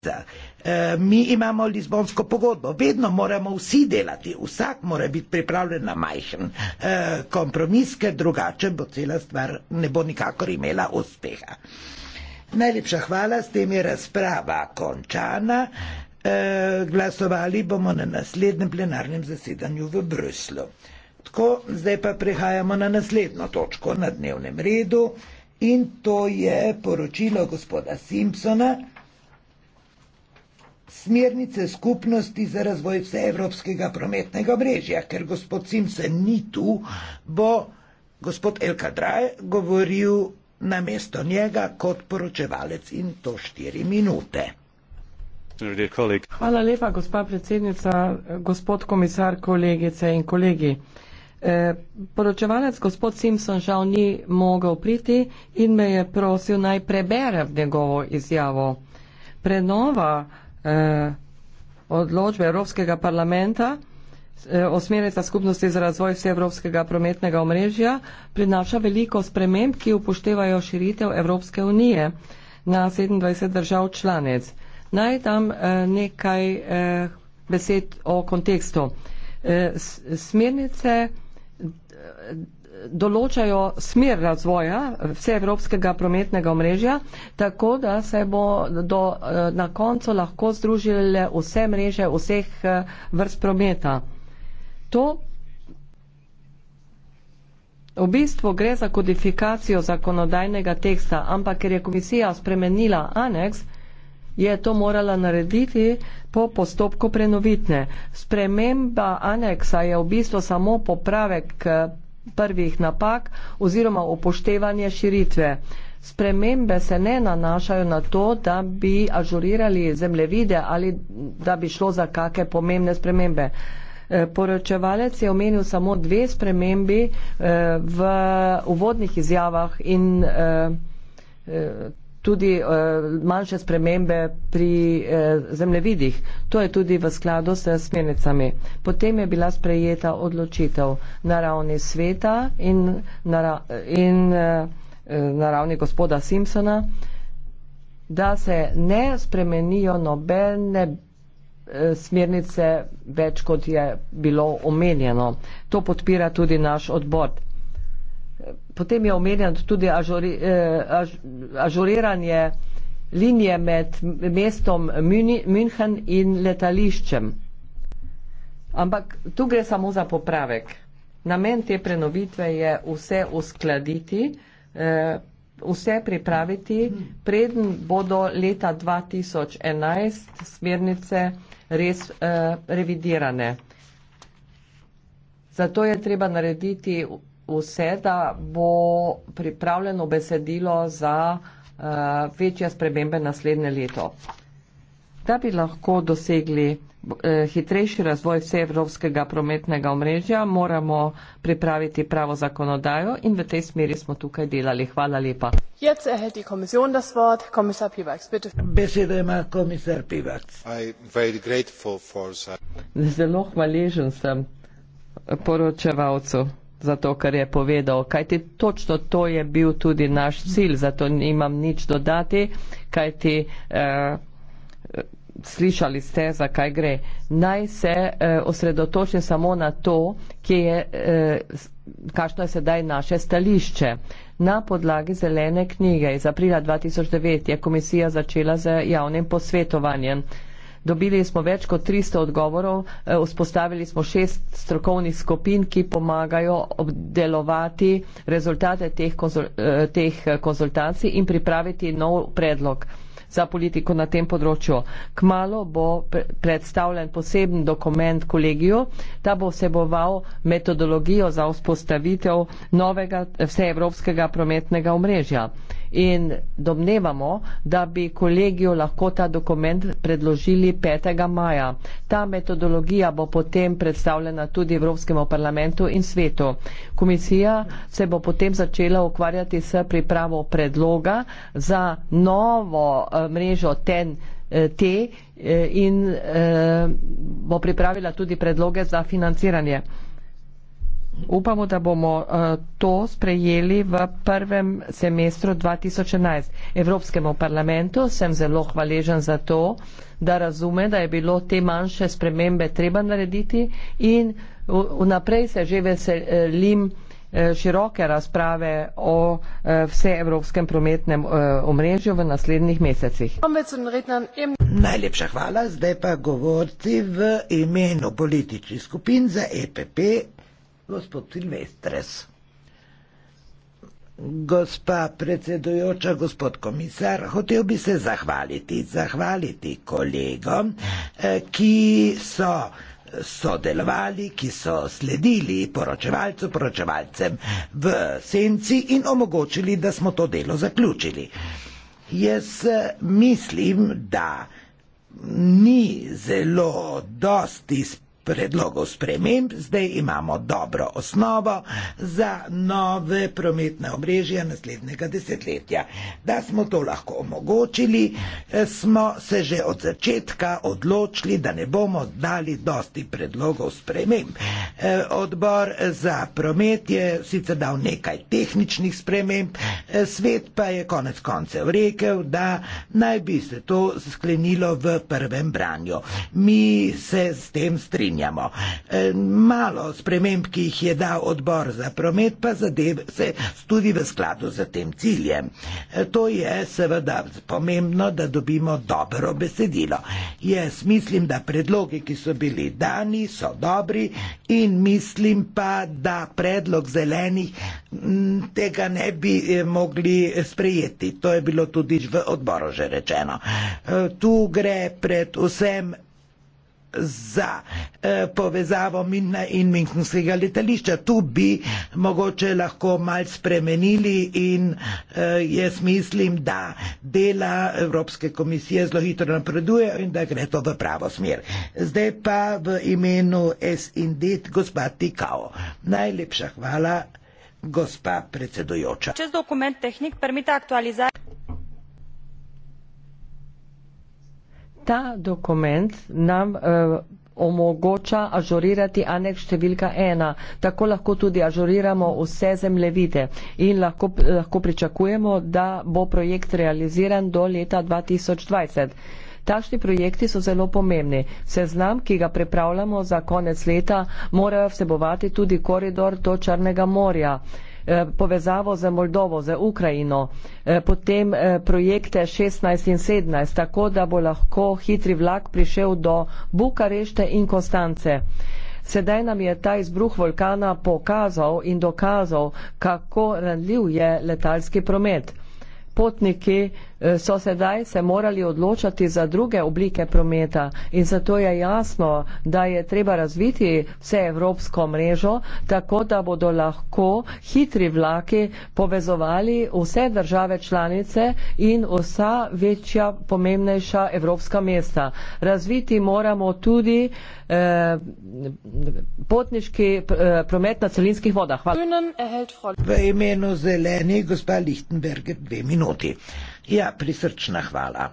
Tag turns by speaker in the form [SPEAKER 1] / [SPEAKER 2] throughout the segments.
[SPEAKER 1] E, mi imamo Lizbonsko pogodbo, vedno moramo vsi delati, vsak mora biti pripravljen na majhen e, kompromis, ker drugače bo cela stvar ne bo nikakor imela uspeha. Najlepša hvala, s tem je razprava končana. E, glasovali bomo na naslednjem plenarnem zasedanju v Bruslu. Tako, zdaj pa prehajamo na naslednjo točko na dnevnem redu in to je poročilo gospoda Simpsona smernice skupnosti za razvoj vseevropskega prometnega mrežja, ker gospod Simpson ni tu, bo gospod Elkadraj govoril na mesto njega kot poročevalec in to štiri minute. Hvala
[SPEAKER 2] lepa, gospa predsednica, gospod komisar, kolegice in kolegi. E, poročevalec gospod Simpson žal ni mogel priti in me je prosil naj preberem njegovo izjavo. Prenova eh, odločbe Evropskega parlamenta eh, o smernicah skupnosti za razvoj vseevropskega prometnega omrežja prinaša veliko sprememb, ki upoštevajo širitev Evropske unije na 27 držav članec. Naj tam eh, nekaj eh, besed o kontekstu. Eh, smernice. Eh, določajo smer razvoja eh, vseevropskega prometnega omrežja, tako da se bo do, eh, na koncu lahko združile vse mreže vseh eh, vrst prometa. To v bistvu gre za kodifikacijo zakonodajnega teksta, ampak ker je komisija spremenila aneks, je to morala narediti po postopku prenovitne. Sprememba aneksa je v bistvu samo popravek prvih napak oziroma upoštevanje širitve. Spremembe se ne nanašajo na to, da bi ažurirali zemljevide ali da bi šlo za kake pomembne spremembe. E, poročevalec je omenil samo dve spremembi e, v uvodnih izjavah in e, tudi uh, manjše spremembe pri uh, zemljevidih. To je tudi v skladu s smernicami. Potem je bila sprejeta odločitev na ravni sveta in, nara in uh, na ravni gospoda Simpsona, da se ne spremenijo nobene smernice več, kot je bilo omenjeno. To podpira tudi naš odbor potem je omenjen tudi ažori, eh, až, ažuriranje linije med mestom München in letališčem. Ampak tu gre samo za popravek. Namen te prenovitve je vse uskladiti, eh, vse pripraviti, preden bodo leta 2011 smernice res eh, revidirane. Zato je treba narediti vse, da bo pripravljeno besedilo za uh, večje spremembe naslednje leto. Da bi lahko dosegli uh, hitrejši razvoj vseevropskega prometnega omrežja, moramo pripraviti pravo zakonodajo in v tej smeri smo tukaj delali.
[SPEAKER 1] Hvala lepa. Besedo ima komisar Pivac. Zelo hvaležen sem
[SPEAKER 2] poročevalcu zato ker je povedal, kajti točno to je bil tudi naš cilj, zato nimam nič dodati, kajti eh, slišali ste, zakaj gre. Naj se eh, osredotočim samo na to, je, eh, kakšno je sedaj naše stališče. Na podlagi zelene knjige iz aprila 2009 je komisija začela z javnim posvetovanjem. Dobili smo več kot 300 odgovorov, eh, vzpostavili smo šest strokovnih skupin, ki pomagajo obdelovati rezultate teh, konzul eh, teh eh, konzultacij in pripraviti nov predlog za politiko na tem področju. Kmalo bo predstavljen poseben dokument kolegiju, ta bo vseboval metodologijo za vzpostavitev novega vseevropskega prometnega omrežja in domnevamo, da bi kolegijo lahko ta dokument predložili 5. maja. Ta metodologija bo potem predstavljena tudi Evropskemu parlamentu in svetu. Komisija se bo potem začela ukvarjati s pripravo predloga za novo eh, mrežo ten eh, te eh, in bo pripravila tudi predloge za financiranje. Upamo, da bomo eh, to sprejeli v prvem semestru 2011. Evropskemu parlamentu sem zelo hvaležen za to, da razume, da je bilo te manjše spremembe treba narediti in vnaprej se že veselim eh, široke razprave o eh,
[SPEAKER 1] vseevropskem prometnem omrežju v naslednjih mesecih. Najlepša hvala, zdaj pa govorci v imenu političnih skupin za EPP gospod Silvestres. Gospa predsedujoča, gospod komisar, hotel bi se zahvaliti, zahvaliti kolegom, eh, ki so sodelovali, ki so sledili poročevalcu, poročevalcem v senci in omogočili, da smo to delo zaključili. Jaz eh, mislim, da ni zelo dosti spremljeno, predlogov sprememb, zdaj imamo dobro osnovo za nove prometne obrežja naslednjega desetletja. Da smo to lahko omogočili, eh, smo se že od začetka odločili, da ne bomo dali dosti predlogov sprememb. Eh, odbor za promet je sicer dal nekaj tehničnih sprememb, eh, svet pa je konec koncev rekel, da naj bi se to sklenilo v prvem branju. Mi se s tem strinjamo strinjamo. E, malo sprememb, ki jih je dal odbor za promet, pa zadev se tudi v skladu z tem ciljem. E, to je seveda pomembno, da dobimo dobro besedilo. Jaz mislim, da predlogi, ki so bili dani, so dobri in mislim pa, da predlog zelenih tega ne bi e, mogli sprejeti. To je bilo tudi v odboru že rečeno. Tu gre pred vsem za eh, povezavo Minna in Minkenskega letališča. Tu bi mogoče lahko mal spremenili in eh, jaz mislim, da dela Evropske komisije zelo hitro napredujejo in da gre to v pravo smer. Zdaj pa v imenu SND gospa Tikao. Najlepša hvala, gospa predsedujoča.
[SPEAKER 2] ta dokument nam uh, omogoča ažurirati aneks številka ena. Tako lahko tudi ažuriramo vse zemljevide in lahko, lahko pričakujemo, da bo projekt realiziran do leta 2020. Takšni projekti so zelo pomembni. Seznam, ki ga pripravljamo za konec leta, mora vsebovati tudi koridor do Črnega morja. Uh, Eh, povezavo z Moldovo, z Ukrajino, eh, potem eh, projekte 16 in 17, tako da bo lahko hitri vlak prišel do Bukarešte in Konstance. Sedaj nam je ta izbruh vulkana pokazal in dokazal, kako ranljiv je letalski promet. Potniki Eh, so sedaj se morali odločati za druge oblike prometa in zato je jasno, da je treba razviti vse evropsko mrežo, tako da bodo lahko hitri vlaki povezovali vse države članice in vsa večja, pomembnejša evropska mesta. Razviti moramo tudi eh, potniški eh,
[SPEAKER 1] promet na celinskih vodah. Hvala. V imenu zelenih, gospa Lichtenberger, dve minuti. Ja, prisrčna hvala.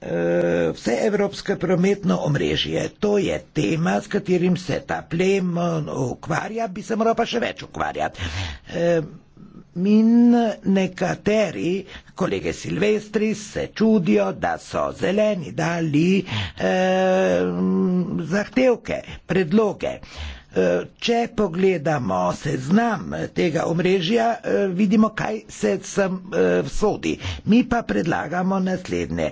[SPEAKER 1] E, vse evropsko prometno omrežje, to je tema, s katerim se ta plem e, ukvarja, bi se moral pa še več ukvarjati. Min e, nekateri kolege Silvestri se čudijo, da so zeleni dali eh, zahtevke, predloge. Eh, Če pogledamo seznam tega omrežja, eh, vidimo, kaj se sem vsodi. Eh, mi pa predlagamo naslednje.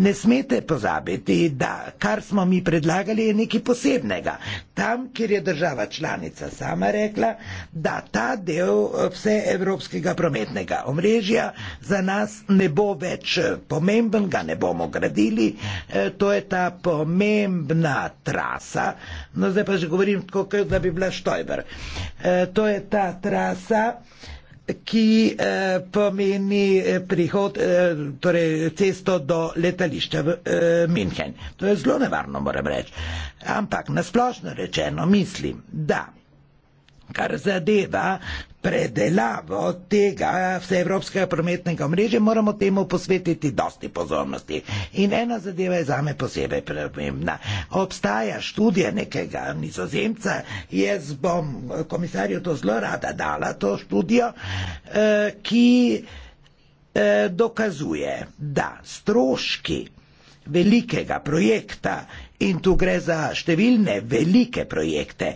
[SPEAKER 1] Ne smete pozabiti, da kar smo mi predlagali je nekaj posebnega. Tam, kjer je država članica sama rekla, da ta del eh, vse evropskega prometnega omrežja za nas ne bo več pomemben, ga ne bomo gradili, to je ta pomembna trasa. No, zdaj pa že govorim, kako rekel, da bi bila Štojber. E, to je ta trasa, ki e, pomeni e, prihod, torej cesto do letališča v München. To je zelo nevarno, moram reči. Ampak nasplošno rečeno mislim, da kar zadeva predelavo tega vseevropskega prometnega mreže, moramo temu posvetiti dosti pozornosti. In ena zadeva je zame posebej pomembna. Obstaja študija nekega nizozemca, jaz bom komisarju to zelo rada dala, to študijo, eh, ki eh, dokazuje, da stroški velikega projekta in tu gre za številne velike projekte,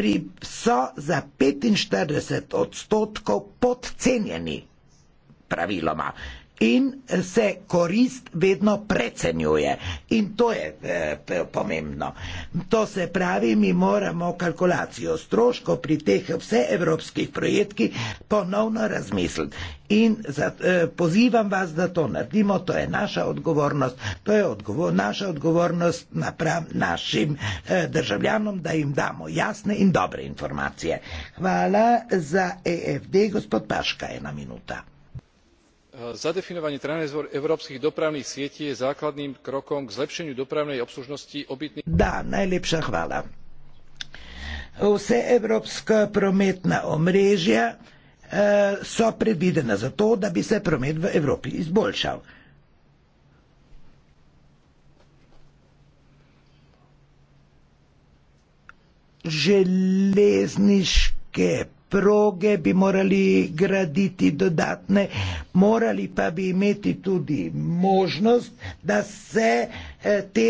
[SPEAKER 1] pri so za 45 odstotkov podcenjeni. Praviloma, in se korist vedno precenjuje. In to je e, pomembno. To se pravi, mi moramo kalkulacijo stroško pri teh vseevropskih projektih ponovno razmisliti. In zat, e, eh, pozivam vas, da to naredimo, to je naša odgovornost, to je odgovor, naša odgovornost napram našim e, državljanom, da jim damo jasne in dobre informacije. Hvala za EFD, gospod Paška, ena minuta.
[SPEAKER 2] Eh, zadefinovanie trojrozmerných európskych dopravných sietí je základným krokom k zlepšeniu dopravnej obslužnosti obytných.
[SPEAKER 1] vse evropska prometna omrežja eh, so predvidena zato da bi se promet v evropi izboljšal. železniške proge bi morali graditi dodatne, morali pa bi imeti tudi možnost, da se eh, te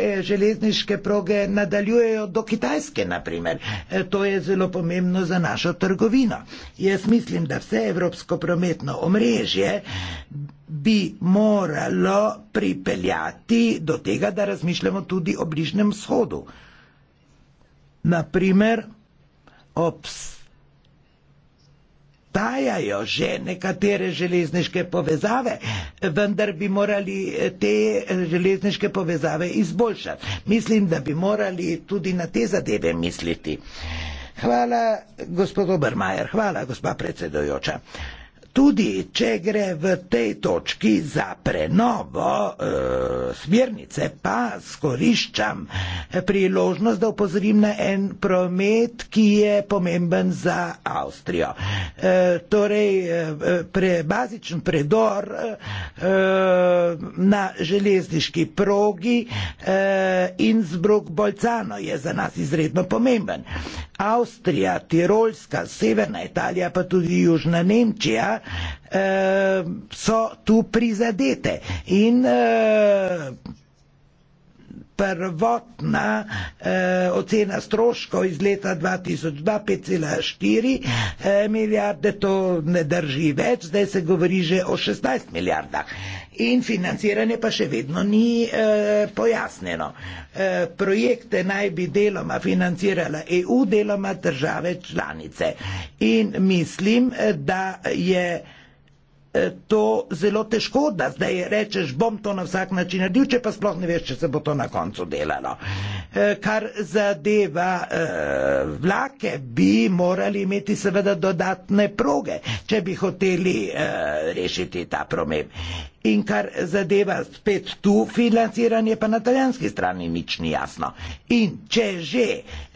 [SPEAKER 1] eh, železniške proge nadaljujejo do Kitajske, naprimer. Eh, to je zelo pomembno za našo trgovino. Jaz mislim, da vse evropsko prometno omrežje bi moralo pripeljati do tega, da razmišljamo tudi o bližnjem shodu. Naprimer, obstajajo obstajajo že nekatere železniške povezave, vendar bi morali eh, te eh, železniške povezave izboljšati. Mislim, da bi morali tudi na te zadeve misliti. Hvala, gospod Obermajer, hvala, gospa predsedojoča tudi če gre v tej točki za prenovo e, smernice, pa skoriščam eh, priložnost, da upozorim na en promet, ki je pomemben za Avstrijo. E, torej, pre, bazičen predor e, na železniški progi e, in zbrok Bolcano je za nas izredno pomemben. Avstrija, Tirolska, Severna Italija, pa tudi Južna Nemčija, Eh, so tu prizadete. In eh, prvotna eh, ocena stroškov iz leta 2002 5,4 eh, milijarde, to ne drži več, zdaj se govori že o 16 milijardah. In financiranje pa še vedno ni eh, pojasnjeno. Eh, projekte naj bi deloma financirala EU, deloma države članice. In mislim, eh, da je eh, Eh, to zelo težko, da zdaj rečeš, bom to na vsak način naredil, če pa sploh ne veš, če se bo to na koncu delalo. Eh, kar zadeva eh, vlake, bi morali imeti seveda dodatne proge, če bi hoteli rešiti ta problem. In kar zadeva spet tu financiranje, pa na italijanski strani nič ni jasno. In če že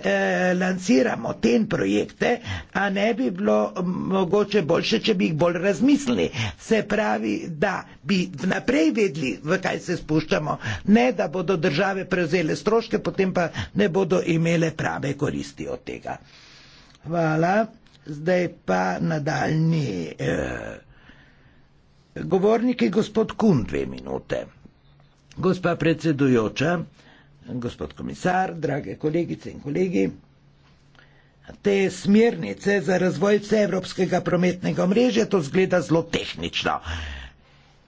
[SPEAKER 1] eh, lanciramo te projekte, a ne bi bilo mogoče boljše, če bi jih bolj razmislili. Se pravi, da bi vnaprej vedli, v kaj se spuščamo, ne da bodo države prevzele stroške, potem pa ne bodo imele prave koristi od tega. Hvala. Zdaj pa nadaljni. Eh, Govornik je gospod Kun, dve minute. Gospa predsedujoča, gospod komisar, drage kolegice in kolegi, te smernice za razvoj vseevropskega prometnega mreža, to zgleda zelo tehnično.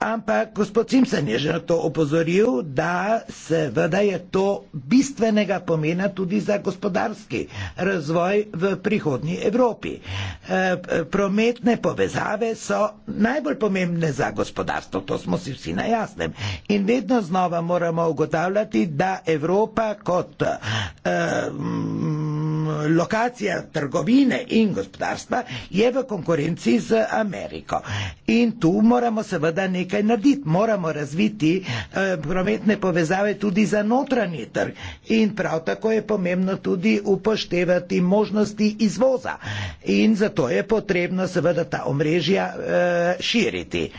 [SPEAKER 1] Ampak gospod Simpson je že na to opozoril, da seveda je to bistvenega pomena tudi za gospodarski razvoj v prihodnji Evropi. E, prometne povezave so najbolj pomembne za gospodarstvo, to smo si vsi na jasnem. In vedno znova moramo ugotavljati, da Evropa kot e, eh, m, lokacija trgovine in gospodarstva je v konkurenci z Ameriko. In tu moramo seveda nekaj narediti, moramo razviti eh, prometne povezave tudi za notranji trg. In prav tako je pomembno tudi upoštevati možnosti izvoza. In zato je potrebno seveda ta omrežja eh, širiti.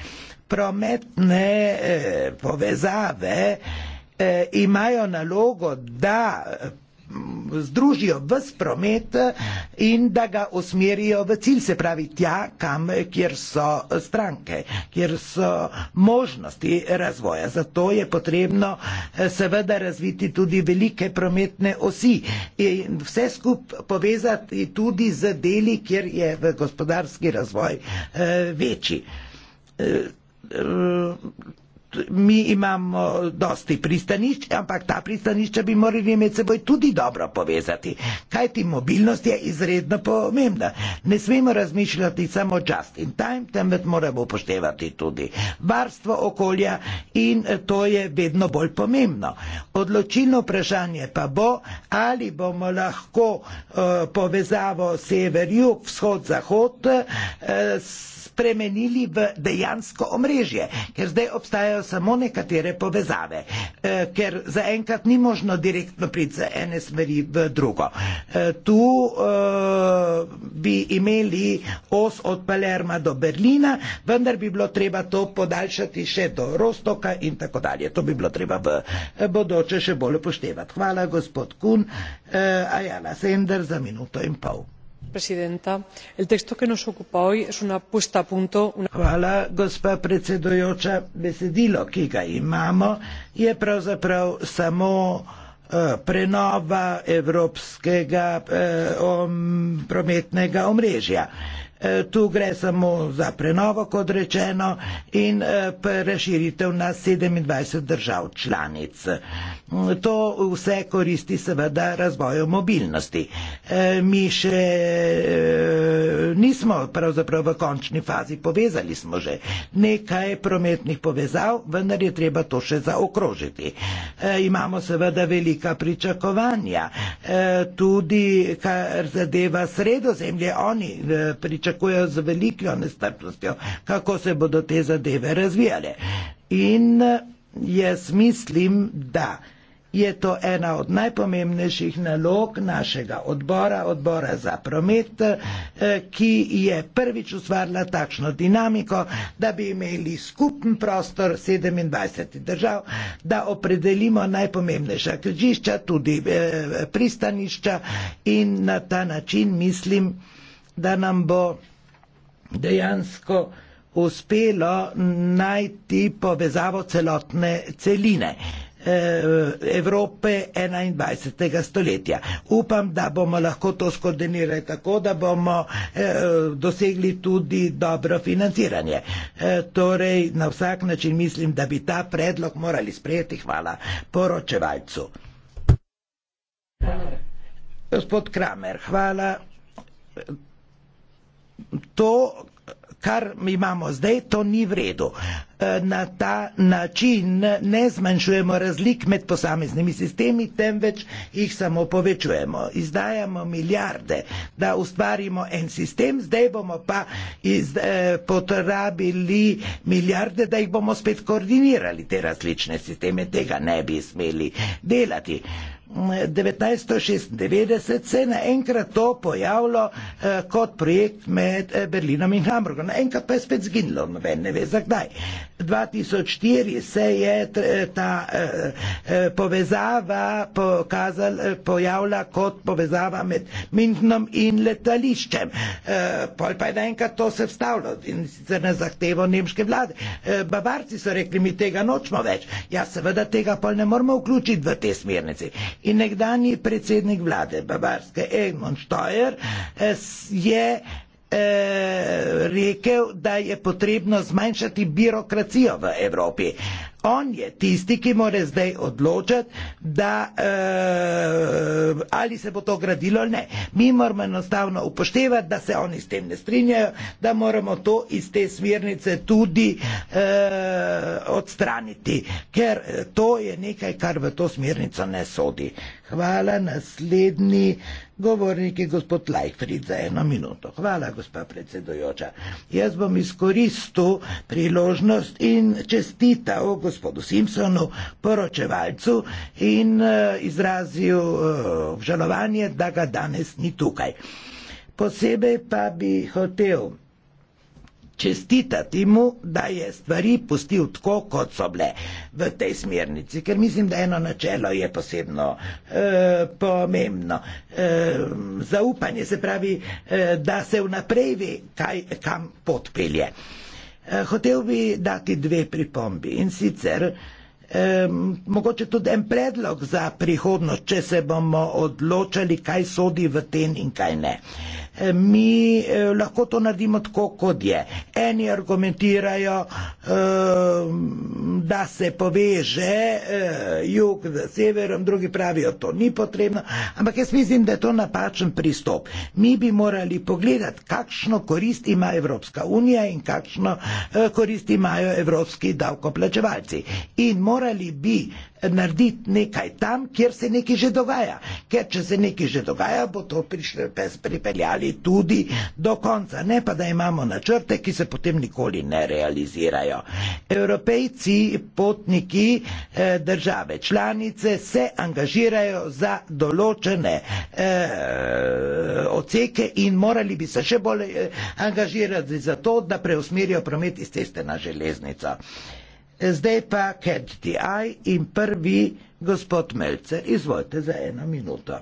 [SPEAKER 1] Prometne eh, povezave imajo nalogo, da združijo v promet in da ga usmerijo v cilj, se pravi tja, kam, kjer so stranke, kjer so možnosti razvoja. Zato je potrebno eh, seveda razviti tudi velike prometne osi in vse skupaj povezati tudi z deli, kjer je v gospodarski razvoj eh, večji. Eh, mi imamo dosti pristanišč, ampak ta pristanišča bi morali med seboj tudi dobro povezati. Kaj ti mobilnost je izredno pomembna. Ne smemo razmišljati samo just in time, temveč moramo upoštevati tudi varstvo okolja in to je vedno bolj pomembno. Odločilno vprašanje pa bo, ali bomo lahko uh, povezavo sever-jug, vzhod-zahod uh, spremenili v dejansko omrežje, ker zdaj obstajajo samo nekatere povezave, eh, ker zaenkrat ni možno direktno priti z ene smeri v drugo. Eh, tu eh, bi imeli os od Palerma do Berlina, vendar bi bilo treba to podaljšati še do Rostoka in tako dalje. To bi bilo treba v bodoče še bolj upoštevati. Hvala, gospod Kun, Ajala Sender za minuto in pol presidenta el texto que nos ocupa hoy es una puesta a punto una... Hvala, gospa predsedujoča. Besedilo, ki ga imamo, je pravzaprav samo eh, prenova evropskega eh, om, prometnega omrežja. Eh, E, tu gre samo za prenovo, kot rečeno, in e, razširitev na 27 držav članic. To vse koristi seveda razvoju mobilnosti. E, mi še nismo pravzaprav v končni fazi, povezali smo že nekaj prometnih povezav, vendar je treba to še zaokrožiti. Imamo seveda velika pričakovanja. Tudi, kar zadeva sredozemlje, oni pričakujejo, pričakujejo z veliko nestrpnostjo, kako se bodo te zadeve razvijale. In eh, jaz mislim, da je to ena od najpomembnejših nalog našega odbora, odbora za promet, eh, ki je prvič ustvarila takšno dinamiko, da bi imeli skupen prostor 27 držav, da opredelimo najpomembnejša križišča, tudi eh, pristanišča in na ta način mislim, da nam bo dejansko uspelo najti povezavo celotne celine eh, Evrope 21. stoletja. Upam, da bomo lahko to skoordinirali tako, da bomo eh, dosegli tudi dobro financiranje. Eh, torej, na vsak način mislim, da bi ta predlog morali sprejeti. Hvala poročevalcu. Gospod Kramer, hvala to, kar imamo zdaj, to ni vredu. E, na ta način ne zmanjšujemo razlik med posameznimi sistemi, temveč jih samo povečujemo. Izdajamo milijarde, da ustvarimo en sistem, zdaj bomo pa iz, eh, potrabili milijarde, da jih bomo spet koordinirali, te različne sisteme. Tega ne bi smeli delati. Eh, 1996 se je naenkrat to pojavilo eh, kot projekt med eh, Berlinom in Hamburgom. Naenkrat pa je spet zginilo, noben ne ve zakdaj. 2004 se je eh, ta eh, eh, povezava pokazala, pojavila kot povezava med Münchnom in letališčem. Pol pa je naenkrat to se vstavilo in sicer na zahtevo nemške vlade. Bavarci so rekli, mi tega nočemo več. Ja, seveda tega pol ne moramo vključiti v te smernice. In nekdani predsednik vlade Bavarske, Egmont Steuer, je Eh, rekel, da je potrebno zmanjšati birokracijo v Evropi. On je tisti, ki mora zdaj odločati, da uh, ali se bo to gradilo ali ne. Mi moramo enostavno upoštevati, da se oni s tem ne strinjajo, da moramo to iz te smernice tudi uh, odstraniti, ker eh, to je nekaj, kar v to smernico ne sodi. Hvala, naslednji govornik je gospod Lajfrid za eno minuto. Hvala, gospa predsedojoča. Jaz bom izkoristil priložnost in čestitev gospodu Simpsonu, poročevalcu, in eh, izrazil eh, obžalovanje, da ga danes ni tukaj. Posebej pa bi hotel čestitati mu, da je stvari pustil tako, kot so bile v tej smernici, ker mislim, da eno načelo je posebno e, pomembno. E, zaupanje se pravi, e, da se vnaprej ve, kaj, kam potpelje. E, Eh, hotel bi dati dve pripombi in sicer eh, mogoče tudi en predlog za prihodnost, če se bomo odločali, kaj sodi v ten in kaj ne. Mi eh, lahko to naredimo tako, kot je. Eni argumentirajo, eh, da se poveže eh, jug z severom, drugi pravijo, to ni potrebno, ampak jaz mislim, da je to napačen pristop. Mi bi morali pogledati, kakšno korist ima Evropska unija in kakšno eh, korist imajo evropski davkoplačevalci. In mora morali bi narediti nekaj tam, kjer se nekaj že dogaja. Ker če se nekaj že dogaja, bo to prišle pes pripeljali tudi do konca. Ne pa, da imamo načrte, ki se potem nikoli ne realizirajo. Evropejci, potniki, eh, države članice se angažirajo za določene eh, oceke in morali bi se še bolj eh, angažirati za to, da preusmerijo promet iz ceste na železnico. Zdaj pa catch the eye in prvi gospod Melcer. Izvolite za eno minuto.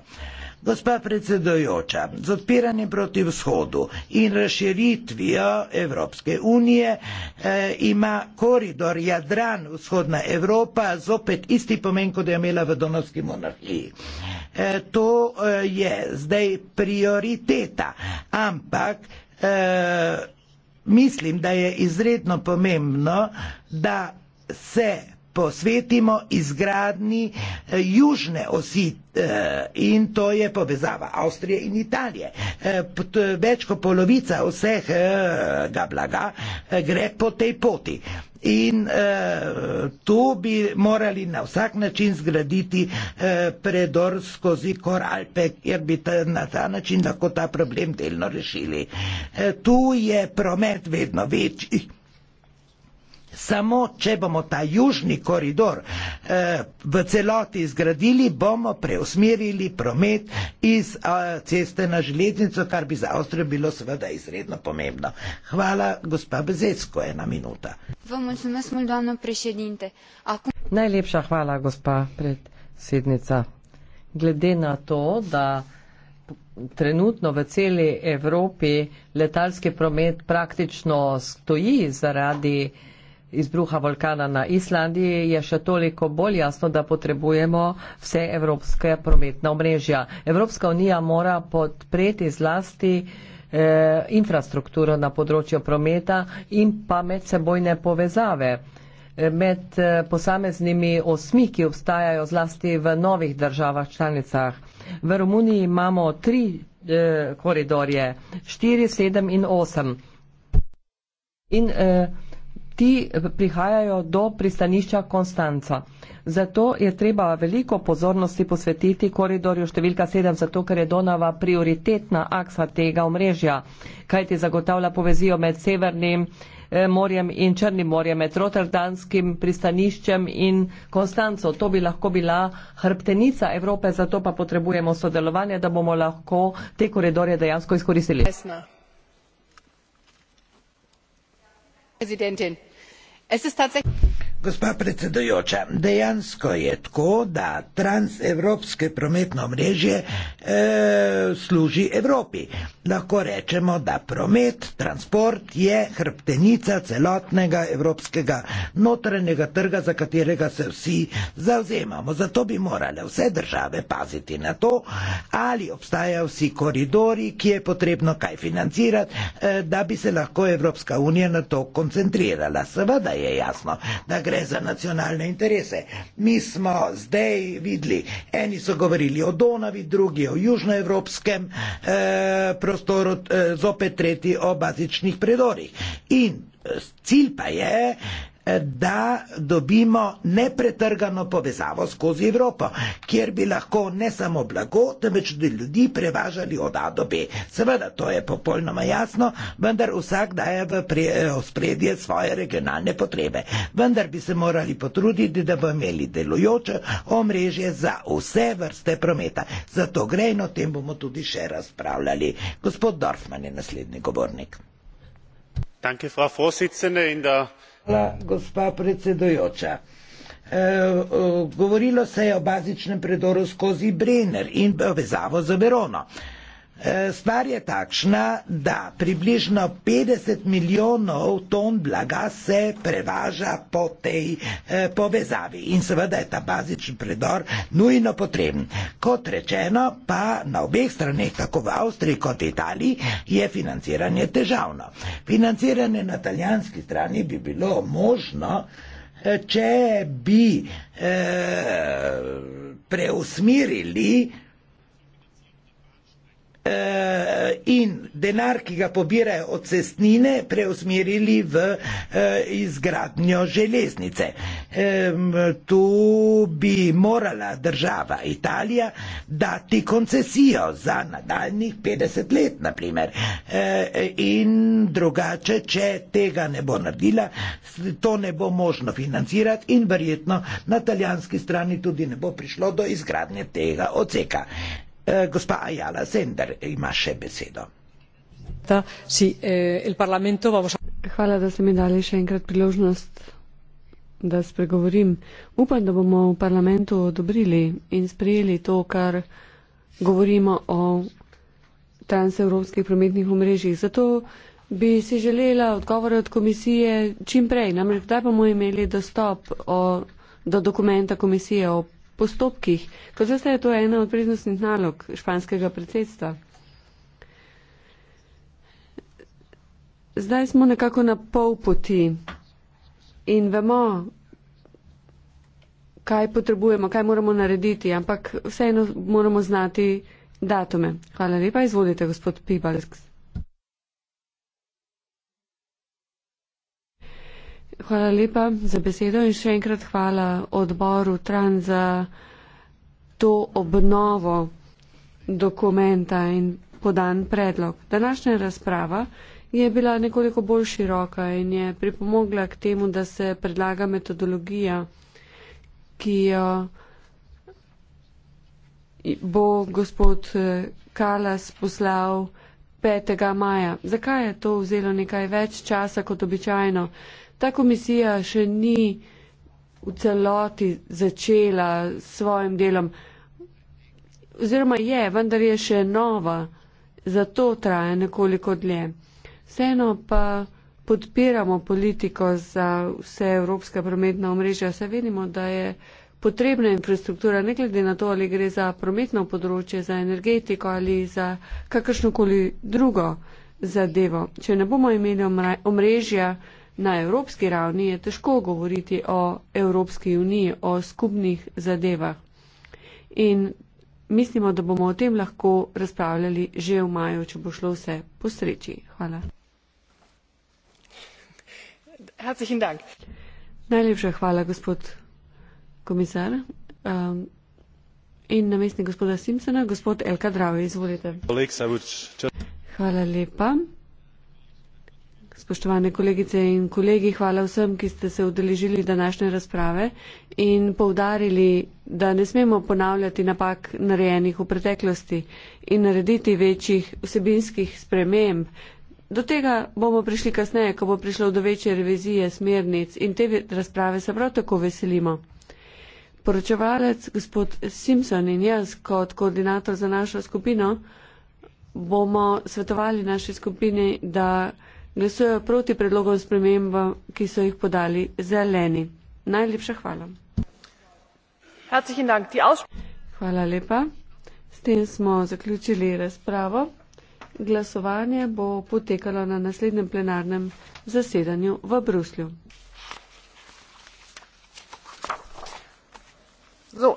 [SPEAKER 1] Gospa predsedojoča, z odpiranjem proti vzhodu in razširitvijo Evropske unije eh, ima koridor Jadran vzhodna Evropa zopet isti pomen, kot je imela v Donovski monarhiji. Eh, to eh, je zdaj prioriteta, ampak eh, mislim, da je izredno pomembno, da se posvetimo izgradni eh, južne osi eh, in to je povezava Avstrije in Italije. Eh, več kot polovica vsega blaga gre po tej poti. In uh, tu bi morali na vsak način zgraditi uh, predor skozi Koralpe, ker bi ta, na ta način lahko ta problem delno rešili. Uh, tu je promet vedno večji. Samo, če bomo ta južni koridor eh, v celoti zgradili, bomo preusmerili promet iz eh, ceste na železnico, kar bi za Avstrijo bilo seveda izredno pomembno. Hvala, gospa Bezecko, ena minuta. Ako... Najlepša hvala,
[SPEAKER 2] gospa predsednica. Glede na to, da trenutno v celi Evropi letalski promet praktično stoji zaradi izbruha vulkana na Islandiji, je še toliko bolj jasno, da potrebujemo vse evropske prometna omrežja. Evropska unija mora podpreti zlasti eh, infrastrukturo na področju prometa in pa medsebojne povezave eh, med eh, posameznimi osmi, ki obstajajo zlasti v novih državah članicah. V Romuniji imamo tri eh, koridorje, štiri, sedem in osem. In eh, ti prihajajo do pristanišča Konstanca. Zato je treba veliko pozornosti posvetiti koridorju številka 7, zato ker je Donava prioritetna aksa tega omrežja, kajti zagotavlja povezijo med Severnim eh, morjem in Črnim morjem, med Rotterdamskim pristaniščem in Konstanco. To bi lahko bila hrbtenica Evrope, zato pa potrebujemo sodelovanje, da bomo lahko
[SPEAKER 1] te koridorje dejansko izkoristili.
[SPEAKER 2] Presidentin es ist tatsächlich.
[SPEAKER 1] Gospa predsedujoča, dejansko je tako, da transevropske prometno mrežje e, eh, služi Evropi. Lahko rečemo, da promet, transport je hrbtenica celotnega evropskega notranjega trga, za katerega se vsi zauzemamo. Zato bi morale vse države paziti na to, ali obstajajo vsi koridori, ki je potrebno kaj financirati, e, da bi se lahko Evropska unija na to koncentrirala. Seveda je jasno, da gre gre za nacionalne interese. Mi smo zdaj videli, eni so govorili o Donavi, drugi o južnoevropskem eh, prostoru, eh, zopet tretji o bazičnih predorih. In eh, cilj pa je, da dobimo nepretrgano povezavo skozi Evropo, kjer bi lahko ne samo blago, temveč tudi ljudi prevažali od A do B. Seveda, to je popolnoma jasno, vendar vsak daje v spredje svoje regionalne potrebe. Vendar bi se morali potruditi, da bi imeli delujoče omrežje za vse vrste prometa. Zato grejno, o tem bomo tudi še razpravljali. Gospod Dorfman je naslednji govornik gospa predsedujoča e, govorilo se je o bazičnem predoru skozi brenner in povezavo z verono. Eh, stvar je takšna, da približno 50 milijonov ton blaga se prevaža po tej eh, povezavi in seveda je ta bazični predor nujno potreben. Kot rečeno, pa na obeh straneh, tako v Avstriji kot v Italiji, je financiranje težavno. Financiranje na italijanski strani bi bilo možno, eh, če bi eh, preusmirili Eh, in denar, ki ga pobirajo od cestnine, preusmerili v eh, izgradnjo železnice. Tu bi morala država Italija dati koncesijo za nadaljnih 50 let, naprimer. Eh, in drugače, če tega ne bo naredila, to ne bo možno financirati in verjetno na italijanski strani tudi ne bo prišlo do izgradnje tega odseka. Eh, gospa Ajala Zender ima še besedo.
[SPEAKER 3] Eh, Hvala, da ste mi dali še enkrat priložnost, da spregovorim. Upam, da bomo v parlamentu odobrili in sprejeli to, kar govorimo o transevropskih prometnih omrežjih. Zato bi si želela odgovore od komisije čim prej. Namreč, kdaj bomo imeli dostop o, do dokumenta komisije o postopkih. Kot veste, je to ena od priznostnih nalog španskega predsedstva. Zdaj smo nekako na pol poti in vemo, kaj potrebujemo, kaj moramo narediti, ampak vseeno moramo znati datume. Hvala lepa, izvolite, gospod Pibalsk. Hvala lepa za besedo in še enkrat hvala odboru Tran za to obnovo dokumenta in podan predlog. Današnja razprava je bila nekoliko bolj široka in je pripomogla k temu, da se predlaga metodologija, ki jo bo gospod eh, Kalas poslal 5. maja. Zakaj je to vzelo nekaj več časa kot običajno? ta komisija še ni v celoti začela s svojim delom, oziroma je, vendar je še nova, zato traja nekoliko dlje. Vseeno pa podpiramo politiko za vse evropska prometna omrežja, saj vidimo, da je potrebna infrastruktura, ne glede na to, ali gre za prometno področje, za energetiko ali za kakršnokoli drugo zadevo. Če ne bomo imeli omrežja, Na evropski ravni je težko govoriti o Evropski uniji, o skupnih zadevah. In mislimo, da bomo o tem lahko razpravljali že v maju, če bo šlo vse po sreči. Hvala. Najlepša hvala, gospod komisar. Um, in namestnik gospoda Simpsona, gospod Elka Drave, izvolite. Hvala lepa. Spoštovane kolegice in kolegi, hvala vsem, ki ste se udeležili današnje razprave in povdarili, da ne smemo ponavljati napak narejenih v preteklosti in narediti večjih vsebinskih sprememb. Do tega bomo prišli kasneje, ko bo prišlo do večje revizije smernic in te razprave se prav tako veselimo. Poročevalec gospod Simpson in jaz kot koordinator za našo skupino bomo svetovali naši skupini, da glasujejo proti predlogom sprememba, ki so jih podali zeleni. Najlepša hvala. Hvala lepa. S tem smo zaključili razpravo. Glasovanje bo potekalo na naslednjem plenarnem zasedanju v Bruslju. So.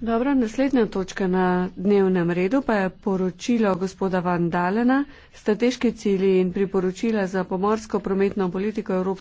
[SPEAKER 3] Dobro, naslednja točka na dnevnem redu pa je poročilo gospoda Van Dalena, strateški cilji in priporočila za pomorsko prometno politiko Evropske unije.